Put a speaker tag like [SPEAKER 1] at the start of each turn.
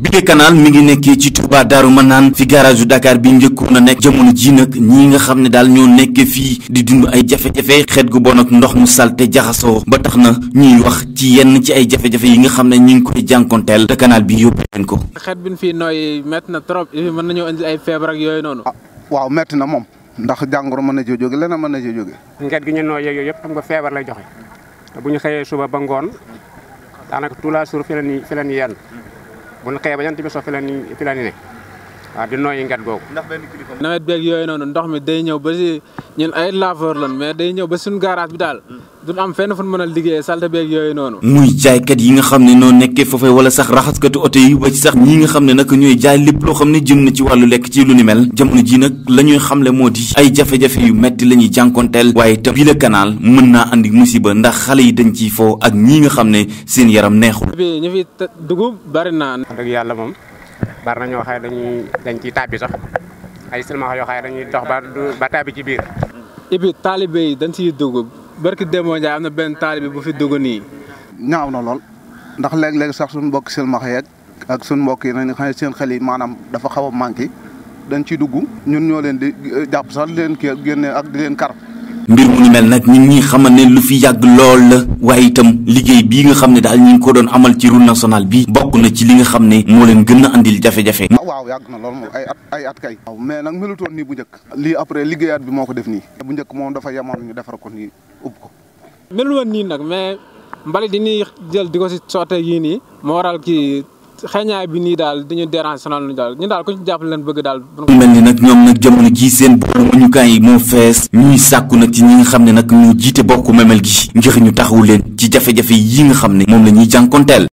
[SPEAKER 1] bile canal mi ngi nekkee ci Touba Daaru naan fi garage yu Dakar bi njëkkoon a nekk jamono ji nag ñi nga xam ne daal ñoo nekkee fii di dund ay jafe-jafe xeet gu bon ak ndox mu salte jaxasoo ba tax na ñuy wax ci yenn ci ay jafe-jafe yi nga xam ne ñu ngi koy jànkonteel te bi yóbbu leen ko.
[SPEAKER 2] xeet bi fii nooy métti na trop mën nañoo indi ay feebar ak yooyu noonu. Ah, waaw métti na moom ndax jàngoro mën na cee jóge leneen mën na cee jóge.
[SPEAKER 3] nget gi ñu nooy yooyu yëpp nga feebar lay joxe bu ñu xëyee suba ba ngoon daanaka tout la suur fi la ñuy bu nu xëyee ba jant bi so fi la waaw ah, di nooyi nget googu. ndax nawet beeg yooyu noonu ndox mi day ñëw ba si ñun ay laveur lan mais day ñëw ba suñu garage bi daal. Hmm. duñ am fenn fu ñu mën liggéey liggéeyee salte beeg yooyu noonu.
[SPEAKER 1] muy jaaykat yi nga xam ne noo nekkee foofee wala sax raxaskatu oto yi ba ci sax ñi nga xam ne nag ñooy jaay lépp loo xam ne jëm na ci wàllu lekk ci lu ni mel jamono ji nag la ñuy xamle moo di. ay jafe-jafe yu metti la ñuy jànkonteel waaye itam bi la kanaal mën naa andi musiba ndax xale yi dañ ciy foo ak ñi nga xam ne seen yaram neexul.
[SPEAKER 3] bi bari naa. dëgg yàlla moom bari na ñoo xam dañuy dañ ciy tàbbi sax ay silmaxa yoo xam ne dañuy dox ba ba tàbbi ci biir. ibi taalibe yi dañ siy dugg barki Demba Ndiaye am na benn taalibe bu fi dugg nii.
[SPEAKER 2] ñaaw na lool ndax léeg-léeg sax suñu mbokk silmaxa yeeg ak suñu mbokk yi nañu xam ne seen xel yi maanaam dafa xaw a manqué dañ ciy dugg ñun ñoo leen di eh, jàpp sax di leen kii ak di leen kar.
[SPEAKER 1] mbir mu nu mel nag nit ñi xamal ne lu fi yàgg lool la waaye itam liggéey bii nga xam ne daal ñu ngi ko doon amal ci route nationale bi bokk na ci li nga xam ne moo leen gën a andil jafe-jafe ah, waaw yàgg na
[SPEAKER 2] lool moom ay at ay at kay waaw mais nag melutoon nii bu njëkk lii après liggéeyaat bi moo ko def nii bu njëkk moom dafa yemoon ñu defar ko nii ub ko
[SPEAKER 3] meluwoon nii nag mais mbalit yi ñuy jël di ko si sotte yii nii moo waral kii xeeñaay bi nii daal dañuy déranger sonal ñu daal ñu daal ku ñu jàppale leen bëgg daal.
[SPEAKER 1] mel ni nag ñoom nag jamono kii seen borom muñukaay yi moo fees ñuy sàkku nag ci ñi nga xam ne nag ñu jiite bokk memel gi ngir ñu taxawu leen ci jafe-jafe yi nga xam ne moom la ñuy jànkonteel